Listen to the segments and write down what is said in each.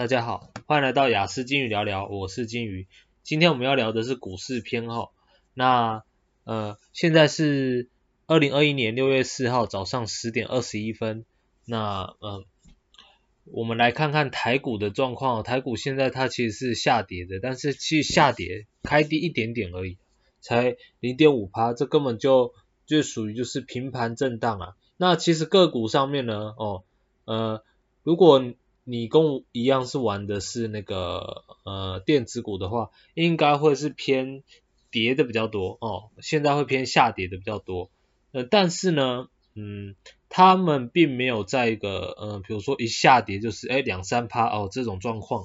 大家好，歡迎來到雅思金魚聊聊，我是金魚。今天我們要聊的是股市篇哦。那呃，現在是二零二一年六月四號早上十點二十一分。那呃，我們來看看台股的狀況。台股現在它其實是下跌的，但是其實下跌開低一點點而已，才零點五趴，這根本就就屬於就是平盤震盪啊。那其實個股上面呢，哦，呃，如果你跟我一樣是玩的是那個呃電子股的話，應該會是偏跌的比較多哦。現在會偏下跌的比較多。呃，但是呢，嗯，他們並沒有在一個呃，比如說一下跌就是誒兩三趴哦這種狀況，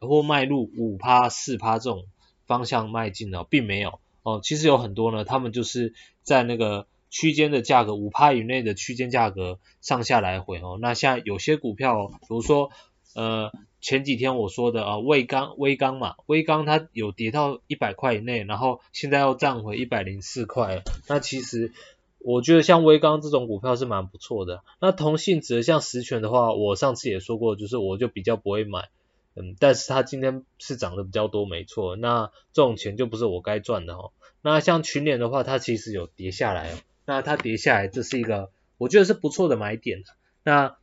或賣入五趴四趴這種方向邁進的，哦，並沒有哦。其實有很多呢，他們就是在那個區間的價格五趴以內的區間價格上下來回哦。那像有些股票，比如說。呃，前幾天我說的啊，威剛，威剛嘛，威剛它有跌到一百塊以內，然後現在又漲回一百零四塊。那其實我覺得像威剛這種股票是蠻不錯的。那同性質像十銓的話，我上次也說過，就是我就比較不會買。嗯，但是它今天是漲得比較多，沒錯。那這種錢就不是我該賺的哦。那像群聯的話，它其實有跌下來，那它跌下來這是一個我覺得是不錯的買點。那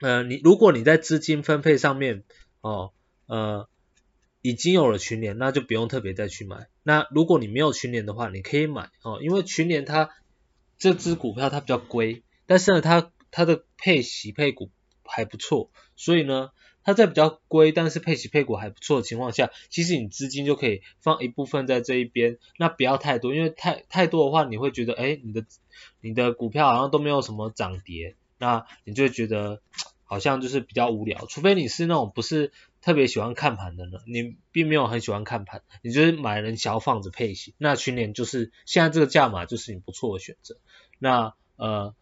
呃，你如果你在資金分配上面，哦，呃，已經有了群聯，那就不用特別再去買。那如果你沒有群聯的話，你可以買哦，因為群聯它這支股票它比較貴，但是呢，它它的配息配股還不錯，所以呢，它在比較貴，但是配息配股還不錯的情況下，其實你資金就可以放一部分在這一邊，那不要太多，因為太太多的話，你會覺得，誒，你的你的股票好像都沒有什麼漲跌。那你就覺得好像就是比較無聊，除非你是那種不是特別喜歡看盤的人。你並沒有很喜歡看盤，你就是買人小放著配型。那群聯就是現在這個價碼就是你不錯的選擇。那呃，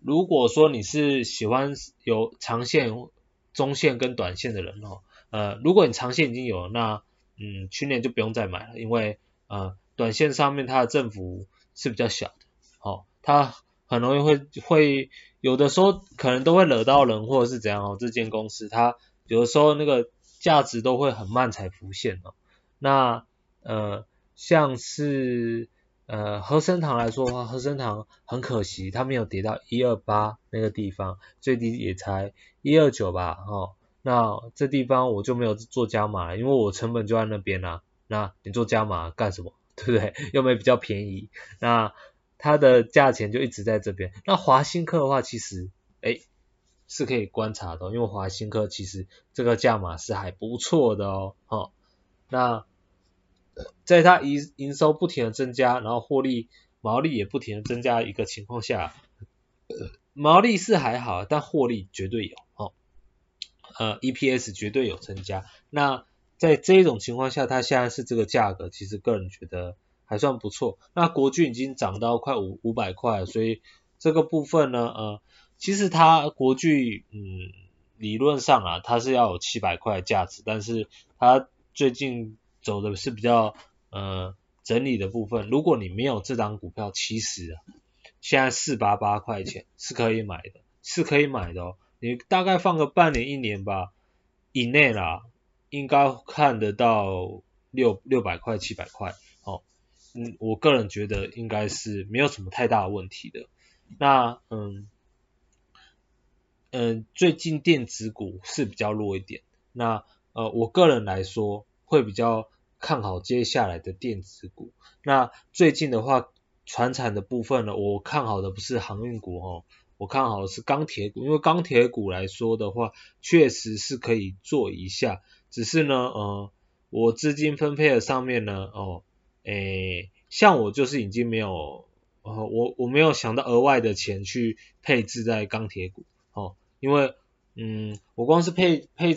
如果說你是喜歡有長線、中線跟短線的人哦，呃，如果你長線已經有了，那嗯，群聯就不用再買了，因為呃，短線上面它的振幅是比較小的，好、哦，它。很容易會會有的時候可能都會惹到人或者是怎樣哦。這間公司它有的時候那個價值都會很慢才浮現、哦、那呃像是呃和生堂來說的話，和生堂很可惜它沒有跌到一二八那個地方，最低也才一二九吧，好、哦，那這地方我就沒有做加碼了，因為我成本就在那邊啦、啊。那你做加碼幹什麼？對不對？又沒比較便宜，那。它的價錢就一直在這邊。那華新科的話，其實哎、欸，是可以觀察到，因為華新科其實這個價碼是還不錯的哦。哦，那在它營營收不停的增加，然後獲利毛利也不停的增加的一個情況下，毛利是還好，但獲利絕對有哦。呃，EPS 絕對有增加。那在這種情況下，它現在是這個價格，其實個人覺得。還算不錯，那國巨已經漲到快五五百塊，所以這個部分呢，呃，其實它國巨，嗯，理論上啊，它是要有七百塊的價值，但是它最近走的是比較，呃，整理的部分。如果你沒有這檔股票，其實啊，現在四八八塊錢是可以買的，是可以買的哦。你大概放個半年一年吧以內啦，應該看得到六六百塊七百塊。嗯，我個人覺得應該是沒有什麼太大的問題的。那嗯嗯，最近電子股是比較弱一點。那呃，我個人來說會比較看好接下來的電子股。那最近的話，傳產的部分呢，我看好的不是航運股哦，我看好的是鋼鐵股，因為鋼鐵股來說的話，確實是可以做一下。只是呢，呃，我資金分配的上面呢，哦。誒，像我就是已經沒有，呃、我我沒有想到額外的錢去配置在鋼鐵股哦，因為嗯，我光是配配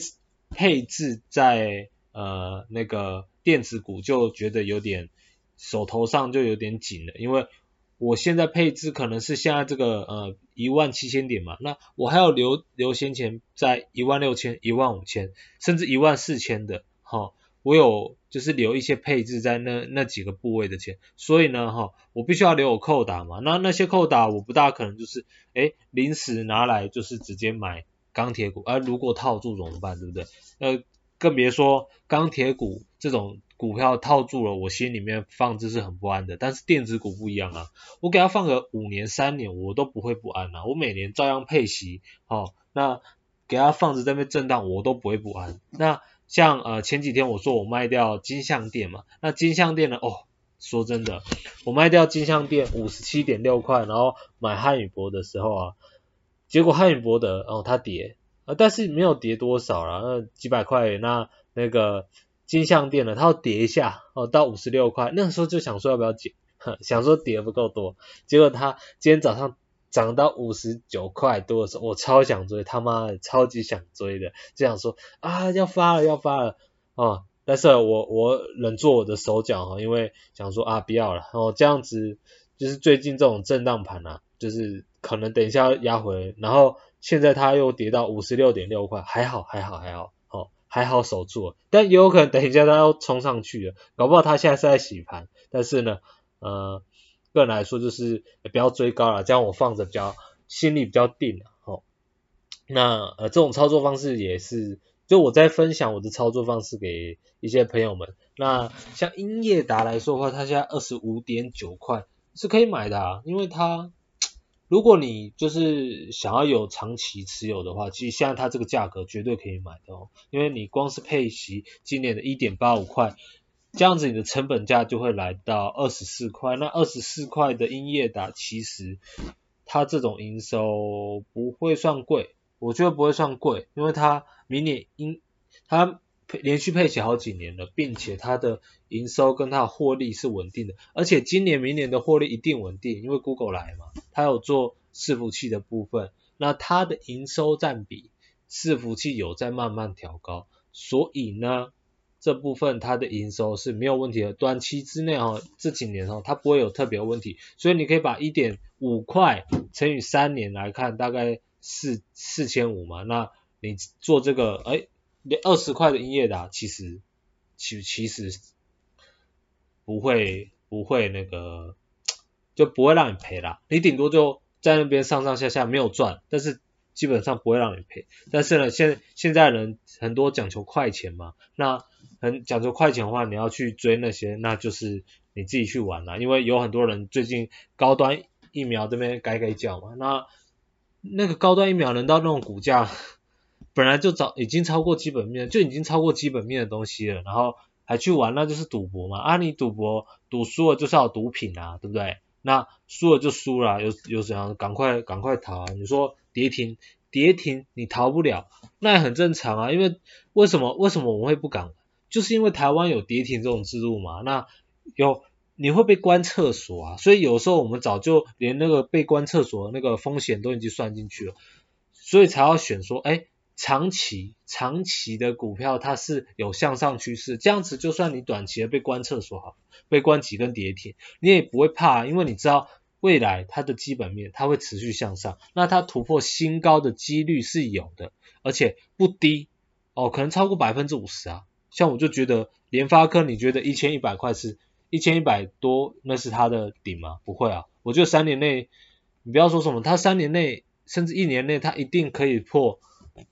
配置在呃那個電子股就覺得有點手頭上就有點緊了，因為我現在配置可能是現在這個呃一萬七千點嘛，那我還要留留閒錢在一萬六千、一萬五千，甚至一萬四千的，哈、哦。我有就是留一些配置在那那幾個部位的錢，所以呢，哈，我必須要留有扣打嘛。那那些扣打我不大可能就是誒臨時拿來就是直接買鋼鐵股，而、啊、如果套住怎麼辦，對不對？呃，更別說鋼鐵股這種股票套住了，我心裡面放置是很不安的。但是電子股不一樣啊，我給它放個五年三年我都不會不安啊，我每年照樣配息，好，那給它放置在那邊震盪我都不會不安。那像呃前幾天我說我賣掉金像電嘛，那金像電呢？哦，說真的，我賣掉金像電五十七點六塊，然後買漢語博的時候啊，結果漢語博的哦它跌，呃，但是沒有跌多少啦，那，呃，幾百塊，那那個金像電呢，它要跌一下哦到五十六塊，那時候就想說要不要解，想說跌得不夠多，結果它今天早上，漲到五十九塊多的時候，我超想追，他媽的超級想追的，這樣說啊，要發了要發了啊、嗯！但是我我忍住我的手腳哈，因為想說啊，不要了，然、哦、後這樣子就是最近這種震盪盤啊，就是可能等一下壓回，然後現在它又跌到五十六點六塊，還好還好還好，還好、哦、還好守住了，但也有可能等一下它要衝上去了，搞不好它現在是在洗盤，但是呢，呃。個人來說就是不要追高了，這樣我放着比較心裡比較定哦，吼。那呃這種操作方式也是，就我在分享我的操作方式給一些朋友們。那像英業達來說的話，它現在二十五點九塊是可以買的啊，因為它如果你就是想要有長期持有的話，其實現在它這個價格絕對可以買的哦，因為你光是配息今年的一點八五塊。這樣子你的成本價就會來到二十四塊，那二十四塊的英業達，其實它這種營收不會算貴，我覺得不會算貴，因為它明年應它連續配息好幾年了，並且它的營收跟它的獲利是穩定的，而且今年明年的獲利一定穩定，因為 Google 來嘛，它有做伺服器的部分，那它的營收佔比伺服器有在慢慢調高，所以呢。這部分它的營收是沒有問題的，短期之內哈，這幾年哈，它不會有特別的問題，所以你可以把一點五塊乘以三年來看，大概四四千五嘛，那你做這個，誒，二十塊的營業的、啊，其實其其實不會不會那個，就不會讓你賠啦，你頂多就在那邊上上下下沒有賺，但是基本上不會讓你賠，但是呢，現在現在人很多講求快錢嘛，那。很講究快錢的話，你要去追那些，那就是你自己去玩啦、啊。因為有很多人最近高端疫苗這邊嘎嘎叫嘛，那那個高端疫苗能到那種股價本來就早已經超過基本面，就已經超過基本面的東西了，然後還去玩，那就是賭博嘛。啊，你賭博賭輸了就是要賭品啊，對不對？那輸了就輸了、啊，有有怎樣？趕快趕快逃啊！你說跌停跌停你逃不了，那也很正常啊。因為為什麼為什麼我們會不敢？就是因為台灣有跌停這種制度嘛，那有你會被關廁所啊，所以有時候我們早就連那個被關廁所的那個風險都已經算進去了，所以才要選說，哎，長期長期的股票它是有向上趨勢，這樣子就算你短期的被關廁所好，被關幾根跌停，你也不會怕啊，因為你知道未來它的基本面它會持續向上，那它突破新高的幾率是有的，而且不低哦，可能超過百分之五十啊。像我就覺得聯發科，你覺得一千一百塊是一千一百多，那是它的頂嗎？不會啊，我覺得三年內，你不要說什麼，它三年內甚至一年內，它一定可以破，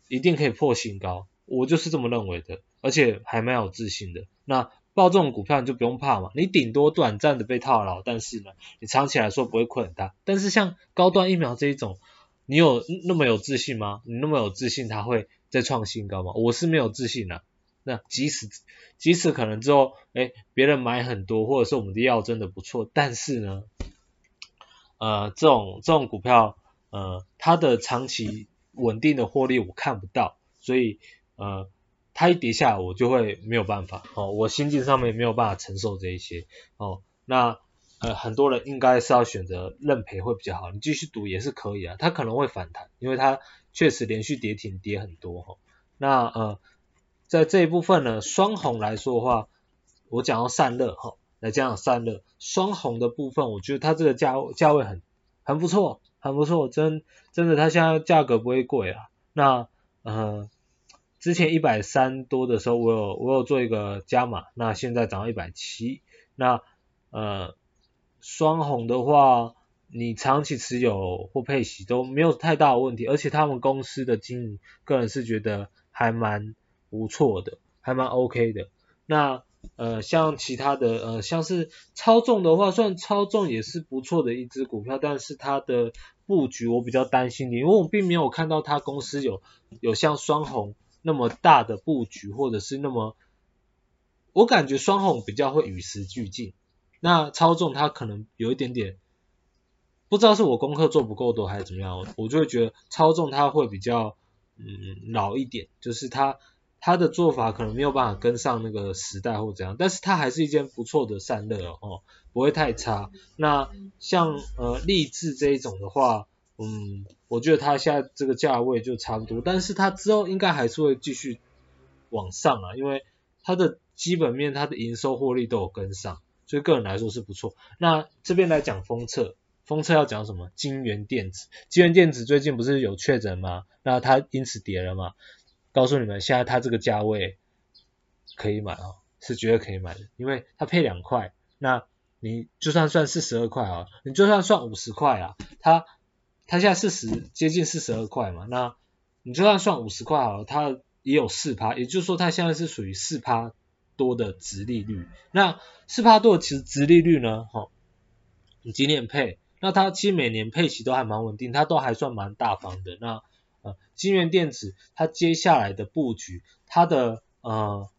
一定可以破新高，我就是這麼認為的，而且還蠻有自信的。那報這種股票你就不用怕嘛，你頂多短暫的被套牢，但是呢，你長期來說不會虧很大。但是像高端疫苗這一種，你有那麼有自信嗎？你那麼有自信它會再創新高嗎？我是沒有自信的啊。那即使即使，可能之後，誒別人買很多，或者是我們的藥真的不錯，但是呢，呃，這種這種股票，呃，它的長期穩定的獲利我看不到，所以呃，它一跌下來我就會沒有辦法哦，我心境上面沒有辦法承受這一些哦。那呃，很多人應該是要選擇認賠會比較好，你繼續賭也是可以啊，它可能會反彈，因為它確實連續跌停跌很多哈、哦。那呃。在這一部分呢，雙紅來說的話，我講到散熱哈，來講講散熱，雙紅的部分，我覺得它這個價價位很很不錯，很不錯，真真的它現在價格不會貴啊。那嗯，呃，之前一百三多的時候，我有我有做一個加碼，那現在漲到一百七，那呃雙紅的話，你長期持有或配息都沒有太大的問題，而且他們公司的經營，個人是覺得還蠻。不錯的，還蠻 OK 的。那呃，像其他的呃，像是超眾的話，算超眾也是不錯的一隻股票，但是它的布局我比較擔心你，因為我並沒有看到它公司有有像雙鴻那麼大的布局，或者是那麼，我感覺雙鴻比較會與時俱進，那超眾它可能有一點點，不知道是我功課做不夠多還是怎麼樣，我就會覺得超眾它會比較嗯老一點，就是它。它的做法可能沒有辦法跟上那個時代或怎樣，但是它還是一件不錯的散熱哦，哦不會太差。那像呃力智這一種的話，嗯，我覺得它現在這個價位就差不多，但是它之後應該還是會繼續往上啊，因為它的基本面、它的營收獲利都有跟上，所以個人來說是不錯。那這邊來講封測，封測要講什麼？京元電子，京元電子最近不是有確診嗎？那它因此跌了嘛？告訴你們，現在它這個價位可以買啊、哦，是絕對可以買的，因為它配兩塊，那你就算算四十二塊啊，你就算算五十塊啊，它它現在四十接近四十二塊嘛，那你就算算五十塊好了，它也有四趴，也就是說它現在是屬於四趴多的殖利率，那四趴多其實殖利率呢，好、哦、你今年配，那它其實每年配息都還蠻穩定，它都還算蠻大方的那。呃，京元電子它接下來的布局，它的呃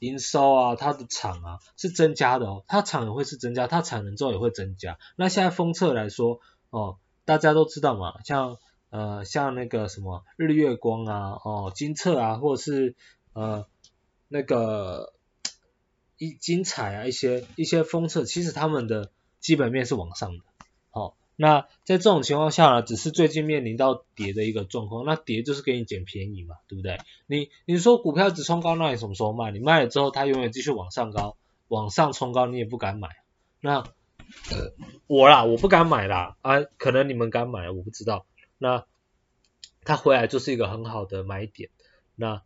營收啊，它的廠啊是增加的哦，它廠也會是增加，它產能之後也會增加。那現在封測來說，哦、呃，大家都知道嘛，像呃像那個什麼日月光啊，哦、呃、金測啊，或者是呃那個一精彩啊一些一些封測，其實他們的基本面是往上的。那在這種情況下呢，只是最近面臨到跌的一個狀況，那跌就是給你撿便宜嘛，對不對？你你說股票只衝高，那你什麼時候賣？你賣了之後，它永遠繼續往上高，往上衝高，你也不敢買。那、呃、我啦，我不敢買啦啊，可能你們敢買，我不知道。那它回來就是一個很好的買點。那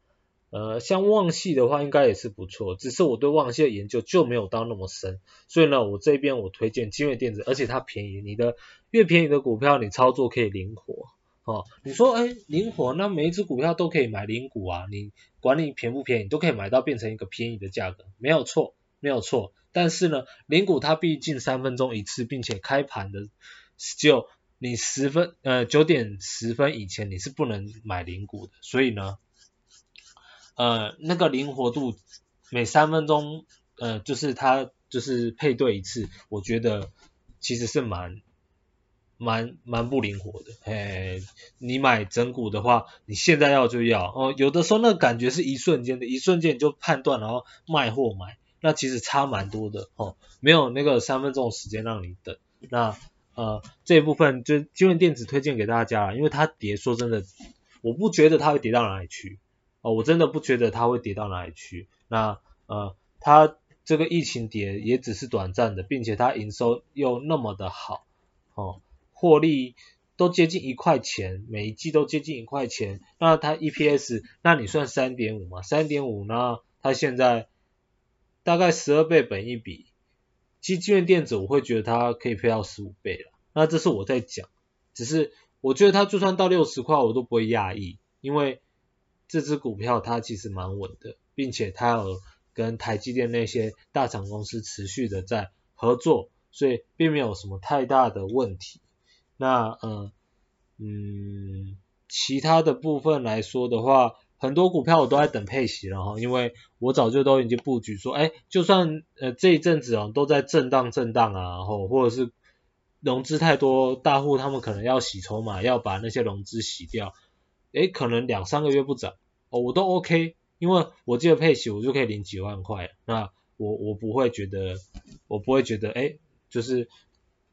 呃，像旺系的話，應該也是不錯。只是我對旺系的研究就沒有到那麼深，所以呢，我這邊我推薦金像電子，而且它便宜。你的越便宜的股票，你操作可以靈活。哦，你說誒靈活，那每一只股票都可以買零股啊？你管你便不便宜，都可以買到變成一個便宜的價格，沒有錯，沒有錯。但是呢，零股它畢竟三分鐘一次，並且開盤的就你十分呃九點十分以前你是不能買零股的，所以呢。呃，那個靈活度每三分鐘，呃，就是它就是配對一次，我覺得其實是蠻蠻蠻不靈活的。嘿，你買整股的話，你現在要就要哦，有的時候那感覺是一瞬間的，一瞬間你就判斷然後賣或買，那其實差蠻多的哦，沒有那個三分鐘的時間讓你等。那呃，這一部分就就金像電子推薦給大家，因為它跌，說真的，我不覺得它會跌到哪裡去。哦，我真的不覺得它會跌到哪裡去。那呃，它這個疫情跌也只是短暫的，並且它營收又那麼的好，哦，獲利都接近一塊錢，每一季都接近一塊錢。那它 EPS，那你算三點五嘛，三點五呢，它現在大概十二倍本益比，金像電子我會覺得它可以配到十五倍了。那這是我在講，只是我覺得它就算到六十塊我都不會訝異，因為。這隻股票它其實蠻穩的，並且它有跟台積電那些大廠公司持續的在合作，所以並沒有什麼太大的問題。那嗯、呃、嗯，其他的部分來說的話，很多股票我都在等配息了哈，因為我早就都已經佈局說，誒，就算呃這一陣子都在震盪震盪啊，然後或者是融資太多，大戶他們可能要洗籌碼，要把那些融資洗掉。誒，可能兩三個月不漲，哦，我都 OK，因為我這個配息我就可以領幾萬塊，那我我不會覺得，我不會覺得，誒，就是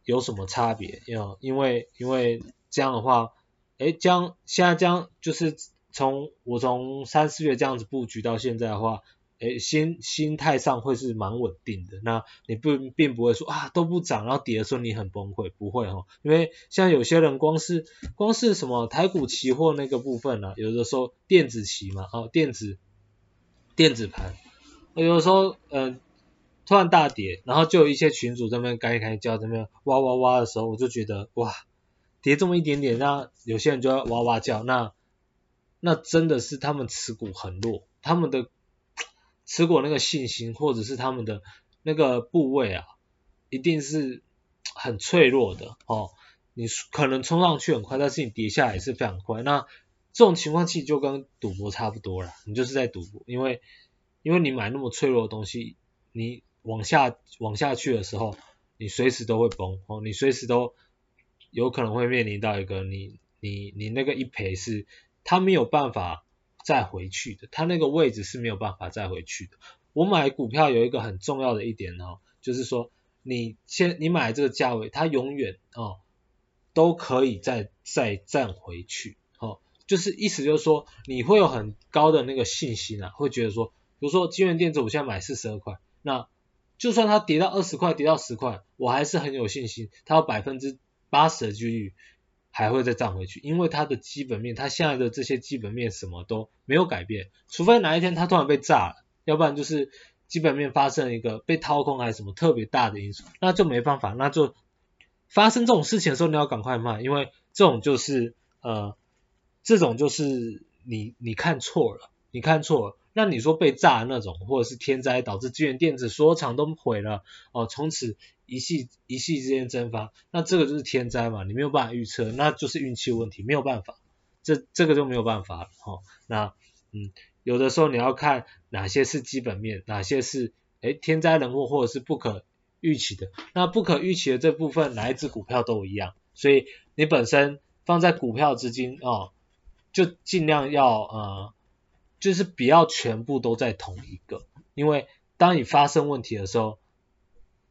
有什麼差別，因為因為這樣的話，誒，將現在將就是從我從三四月這樣子布局到現在的話，誒，心心態上會是蠻穩定的。那你不並不會說啊都不漲，然後跌的時候你很崩潰，不會哈。因為像有些人光是光是什麼台股期貨那個部分呢、啊，有的時候電子期嘛，哦電子電子盤，有的時候嗯、呃、突然大跌，然後就有一些群主在那邊開始開叫，在那邊哇哇哇的時候，我就覺得哇跌這麼一點點，那有些人就要哇哇叫，那那真的是他們持股很弱，他們的。持股那個信心，或者是他們的那個部位啊，一定是很脆弱的哦。你可能衝上去很快，但是你跌下來也是非常快。那這種情況其實就跟賭博差不多了，你就是在賭博，因為因為你買那麼脆弱的東西，你往下往下去的時候，你隨時都會崩，哦，你隨時都有可能會面臨到一個你你你那個一賠是，他沒有辦法。再回去的，它那個位置是沒有辦法再回去的。我買股票有一個很重要的一點哦，就是說你先你買這個價位，它永遠哦都可以再再站回去，哦，就是意思就是說你會有很高的那個信心啊，會覺得說，比如說金像電子，我現在買四十二塊，那就算它跌到二十塊，跌到十塊，我還是很有信心，它有百分之八十的機率，還會再漲回去，因為它的基本面，它現在的這些基本面什麼都沒有改變，除非哪一天它突然被炸了，要不然就是基本面發生了一個被掏空還是什麼特別大的因素，那就沒辦法，那就發生這種事情的時候，你要趕快賣，因為這種就是呃，這種就是你你看錯了，你看錯了。那你說被炸的那種，或者是天災導致資源電子所有廠都毀了，哦，從此一夕一夕之間蒸發，那這個就是天災嘛，你沒有辦法預測，那就是運氣問題，沒有辦法，這這個就沒有辦法了哈、哦。那嗯，有的時候你要看哪些是基本面，哪些是誒天災人禍或者是不可預期的，那不可預期的這部分哪一支股票都一樣，所以你本身放在股票資金哦，就盡量要呃。就是不要全部都在同一個，因為當你發生問題的時候，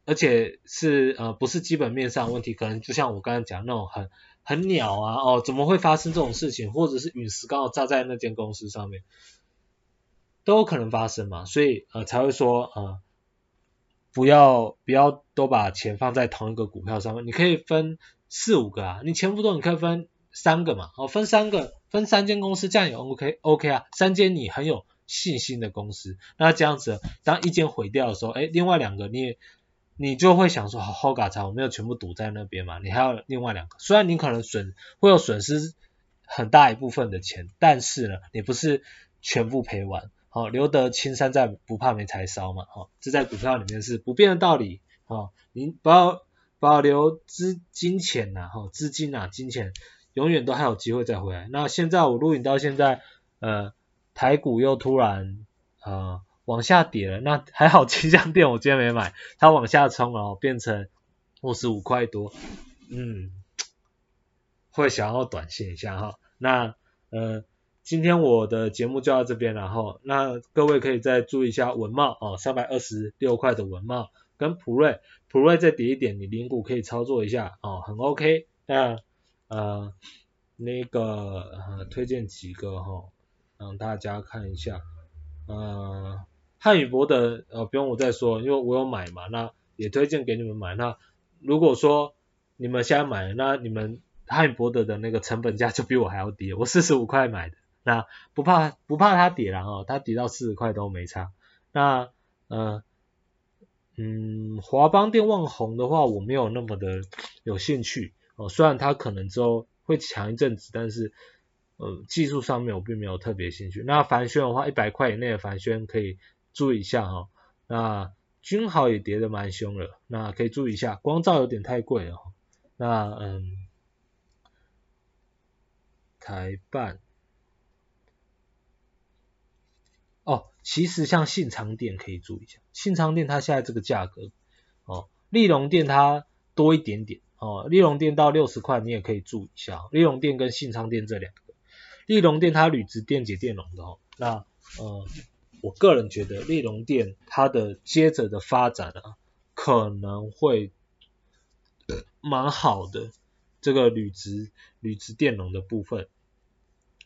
而且是呃不是基本面上的問題，可能就像我剛才講那種很很鳥啊，哦怎麼會發生這種事情，或者是隕石剛好砸在那間公司上面，都有可能發生嘛，所以呃才會說呃不要不要都把錢放在同一個股票上面，你可以分四五個啊，你錢不多你可以分三個嘛，哦分三個。分三間公司，這樣也 OK，OK、OK, OK、啊，三間你很有信心的公司，那這樣子呢，當一間毀掉的時候，哎、欸，另外兩個你，你就會想說，好家在，我沒有全部賭在那邊嘛，你還有另外兩個，雖然你可能損會有損失很大一部分的錢，但是呢，你不是全部賠完，好、哦，留得青山在，不怕沒柴燒嘛，好、哦，這在股票裡面是不變的道理，好、哦，你不要保留資金錢吶、啊，好、哦，資金吶、啊，金錢。永遠都還有機會再回來。那現在我錄影到現在，呃，台股又突然呃往下跌了。那還好，金像電我今天沒買，它往下衝哦，變成五十五塊多，嗯，會想要短線一下哈、哦。那呃，今天我的節目就到這邊了哈。那各位可以再注意一下文貌哦，三百二十六塊的文貌跟普瑞，普瑞再跌一點，你零股可以操作一下哦，很 OK、呃呃，那個、呃、推薦幾個哈，讓大家看一下。呃，瀚宇博德，呃，不用我再說，因為我有買嘛，那也推薦給你們買。那如果說你們現在買了，那你們瀚宇博德的那個成本價就比我還要低，我四十五塊買的，那不怕不怕它跌，然後它跌到四十塊都沒差。那呃，嗯，華邦電、旺宏的話，我沒有那麼的有興趣。哦，雖然它可能之後會強一陣子，但是，呃，技術上面我並沒有特別興趣。那帆宣的話，一百塊以內的帆宣可以注意一下哈、哦。那均豪也跌得的蠻兇了，那可以注意一下。光罩有點太貴了、哦。那嗯，台半哦，其實像信昌電可以注意一下，信昌電它現在這個價格，哦，立隆電它多一點點。哦，立隆電到六十塊，你也可以注意一下立隆電跟信昌電這兩個，立隆電它鋁質電解電容的哦。那呃，我個人覺得立隆電它的接着的發展啊，可能會蠻好的，這個鋁質鋁質電容的部分，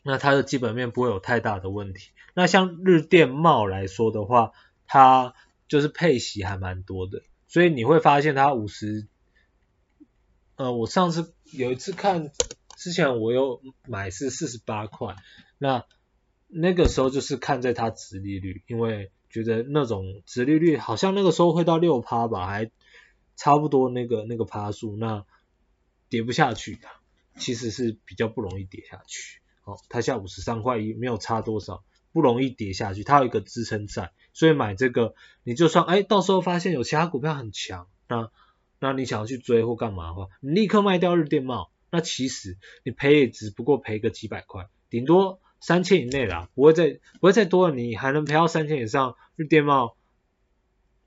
那它的基本面不會有太大的問題。那像日電貿來說的話，它就是配息還蠻多的，所以你會發現它五十。呃，我上次有一次看，之前我又買是四十八塊，那那個時候就是看在它殖利率，因為覺得那種殖利率好像那個時候會到六趴吧，還差不多那個那個趴數，那跌不下去的，啊，其實是比較不容易跌下去。好，哦，它下五十三塊一，沒有差多少，不容易跌下去，它有一個支撐在，所以買這個，你就算哎、欸、到時候發現有其他股票很強，那。那你想要去追或幹嘛的話，你立刻賣掉日電貿，那其實你賠也只不過賠個幾百塊，頂多三千以內啦，不會再不會再多了，你還能賠到三千以上，日電貿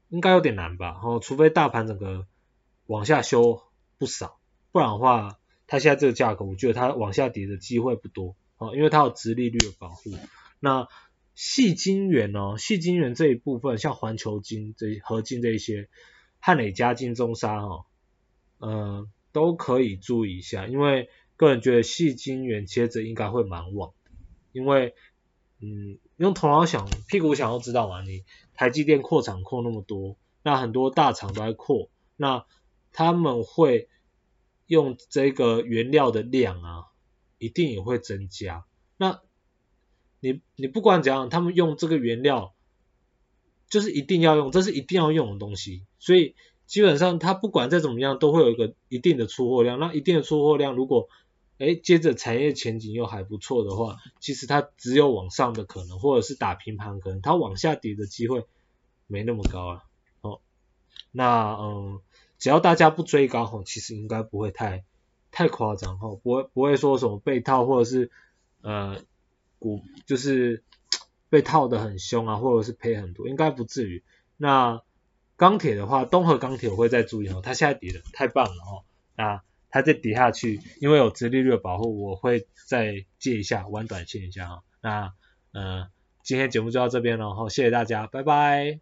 應該有點難吧？哦，除非大盤整個往下修不少，不然的話，它現在這個價格，我覺得它往下跌的機會不多啊，哦，因為它有殖利率的保護。那矽晶圓呢？矽晶圓這一部分，像環球晶，這合晶這一些。漢磊、嘉晶、中砂哦，嗯、呃，都可以注意一下，因為個人覺得矽晶圓接着應該會蠻旺的。因為，嗯，用頭腦想，屁股想要知道嘛，你台積電擴廠擴那麼多，那很多大廠都在擴，那他們會用這個原料的量啊，一定也會增加。那你，你你不管怎樣，他們用這個原料，就是一定要用，這是一定要用的東西，所以基本上它不管再怎麼樣都會有一個一定的出貨量。那一定的出貨量，如果誒接着產業前景又還不錯的話，其實它只有往上的可能，或者是打平盤可能，它往下跌的機會沒那麼高啊。哦，那嗯，只要大家不追高齁，其實應該不會太太誇張哈、哦，不會不會說什麼被套或者是呃股就是。被套得很兇啊，或者是賠很多，應該不至於。那鋼鐵的話，東和鋼鐵我會再注意哦。它現在跌得太棒了哦，那它再跌下去，因為有殖利率的保護，我會再借一下，玩短線一下哈、哦。那嗯、呃，今天節目就到這邊了好，謝謝大家，拜拜。